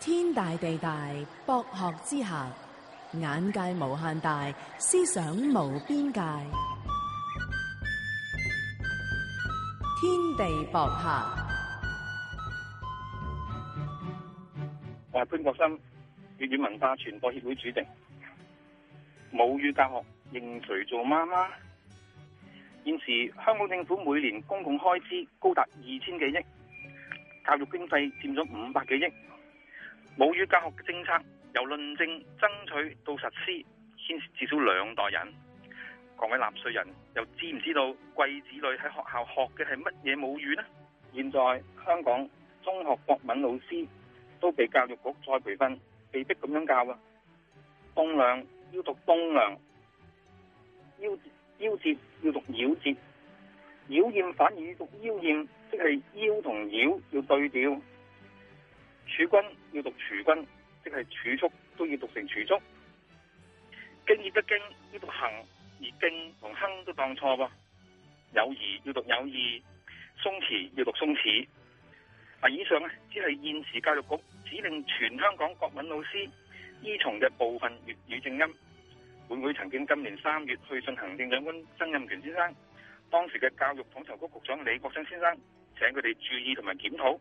天大地大，博學之下眼界無限大，思想無邊界。天地博客，我係潘國森，粵語文化傳播協會主席。母語教學，認誰做媽媽？現時香港政府每年公共開支高達二千幾億，教育經費佔咗五百幾億。母語教學嘅政策由論證、爭取到實施，牽涉至少兩代人。各位納稅人又知唔知道貴子女喺學校學嘅係乜嘢母語呢？現在香港中學國文老師都被教育局再培訓，被迫咁樣教啊！風涼要讀風涼，腰腰折要讀夭折，妖艷反而要讀妖艷，即係腰同妖要對調。儲君要讀儲君，即係儲蓄都要讀成儲蓄。經業不經要讀行而經同亨都當錯噃。友誼要讀友誼，鬆弛要讀鬆弛。啊，以上咧只係現時教育局指令全香港國文老師依從嘅部分粵語正音。會唔會曾經今年三月去信行政長官曾蔭權先生，當時嘅教育統籌局局長李國章先生，請佢哋注意同埋檢討。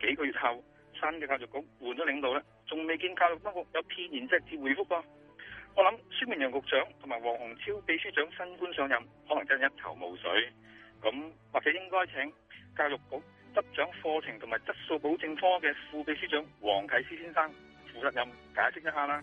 幾個月後。新嘅教育局換咗領導咧，仲未見教育當局有片言隻字回覆噃。我諗孫明揚局長同埋黃鴻超秘書長新官上任，可能真係一頭霧水。咁或者應該請教育局執掌課程同埋質素保證科嘅副秘書長黃啟思先生負責任解釋一下啦。